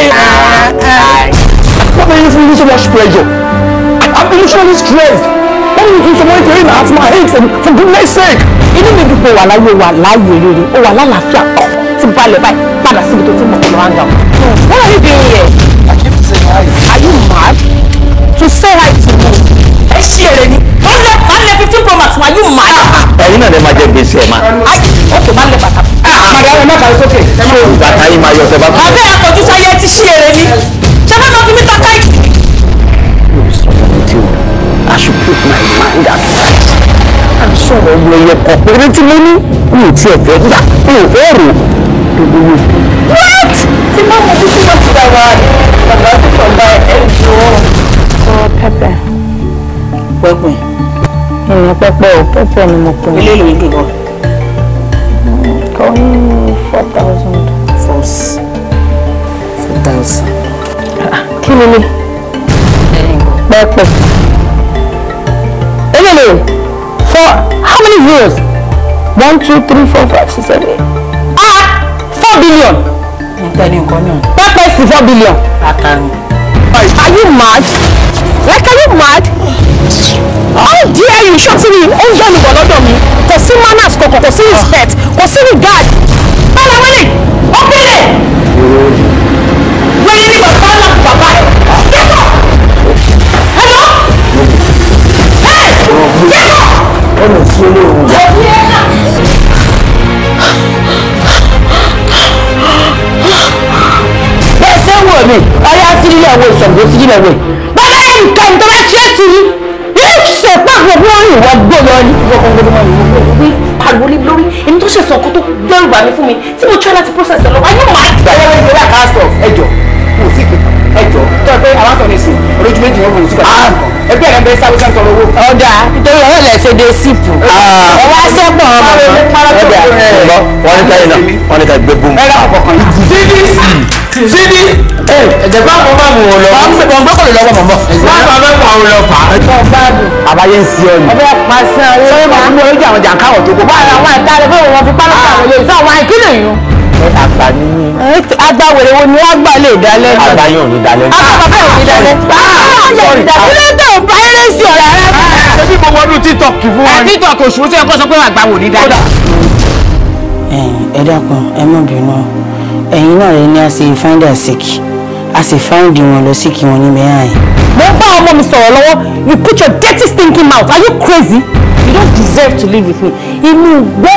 What are you feeling so much pressure? I'm emotionally stressed. What are you feeling so much pain at my head for, goodness sake? You Inú mi dùn pé wà láyé wà láyé rere, ó wà lálàáfíà ọ̀ ti balẹ̀ báyìí padà síbi tó ti mọ̀ pẹ̀lú hang out. What are you doing here? I came to hi. Are you mad? To say hi to me? Ẹ ṣí ẹ̀rẹ̀ ni. Wọ́n lẹ fifteen pro are you mad? Ah, ẹ̀yin náà lè máa jẹ gbèsè ẹ̀ máa. Ayé, ó kò má lẹ I should put my mind at rest. à ń sọ̀rọ̀ ọmọ ẹyẹ kan péré tí mo ní mi ò tiẹ̀ fẹ́ what ti máa mọ bí tí wọ́n ti dà wá bàbá tó kàn bá ẹ jù ọ́. ọ pẹpẹ. pẹpẹ. ìnà pẹpẹ ò pẹpẹ ni mo pè ilé ìlú ìdìbò four thousand. false four thousand. kí ni ni pẹ́pẹ́ elele four how many zeros one two three four five six seven eight ah four billion. pẹ́pẹ́ sí four billion. are you mad? like are you mad? oh dear you ṣọ́ọ́ sí mi ó ń gbọ́ mi bọ̀ lọ́dọ̀ mi kò sí manners kò kò sí respect kò sí regard wọ́n lọ wẹ́lẹ̀ ó pínlẹ̀ wẹ́lẹ̀ ní bàbá náà bàbá ẹ̀ kẹ́kọ̀ọ́ hello hey kẹ́kọ̀ọ́ ọ̀nà sí olóòrùn. bẹ́ẹ̀ ṣé ń wò mí ọ̀rẹ́ àtìlílẹ̀ wo ìṣọ̀gbọ́n sílẹ̀ wò bàbá yẹn nǹkan ìtọ́lá ṣẹ́ẹ̀tì yìí yóò ṣèpá gbogbo orin ìwà gbòòrò ni tó ṣe sọ nǹkan tó gbẹrù bà mí fún mi tí mo try láti process ẹ lọ wáyé màá gbẹ. ẹ ẹ ìrora kan sọ ẹjọ kò sí ìpè ẹjọ tó ẹ pé àwọn sọ ní sùn olójú méjì wọn kò sí pàtó ah. ẹgbẹ́ rẹ̀ ń bẹ sáré sáńtọ̀ lọ́wọ́. ọ̀dà nítorí ọ̀rọ̀ lẹ̀ ṣe dé sípù. Ah. ẹ wá sẹ́pọ̀ ọmọ ọ̀dà ṣùgbọ́n wọ́n ní ká yìí náà wọ́n ní ká gbé bùn. ẹ lọ́kọ̀ọ̀kan yìí. sídìí sídìí ẹ ẹ̀jẹ̀ bá wọn mú un lọ. wọ́n ń gbé kọ̀lẹ̀ lọ́wọ́ mọ̀mọ́. wọ́n bá fẹ́ fún àwọn ọlọ́fà. ẹjọ́ gbádùn. àbáyé ń sí ọyìn. ọbẹ̀ pàṣẹ ọyẹ. sọ́yìn máa ń mú orí àwọn jàǹkáwọ̀ tó kó. báyọ̀ àwọn àtàlẹ́ fún òun wọn fi pálọ̀ àwọn olè sọ àwọn àìkí lè yún. àgbà ni yín. àgbà wèrè wo ni wọ́n gbà lè dalẹ́. àgbà yóò ní dalẹ́. àgbà yóò ní dalẹ́. ẹ̀yin náà rẹ̀ ní a ṣe find a sick a sì fáìndì wọn lọ sí kí wọn ní mẹ́hàn yìí. mo ń bá ọmọ mi sọ̀rọ̀ lọ́wọ́ you put your dirty stinking mouth are you crazy you don't deserve to live with me inú gbọ́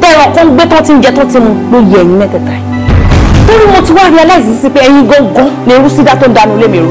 tẹ̀rọ kan gbé tán ti ń jẹ tán ti mu ló yẹ ẹ̀yin mẹ́tẹ̀ẹ̀ta yìí torí mo ti wá realize sí pé ẹ̀yin gangan lè rú sídá tó ń dànù lémi rú.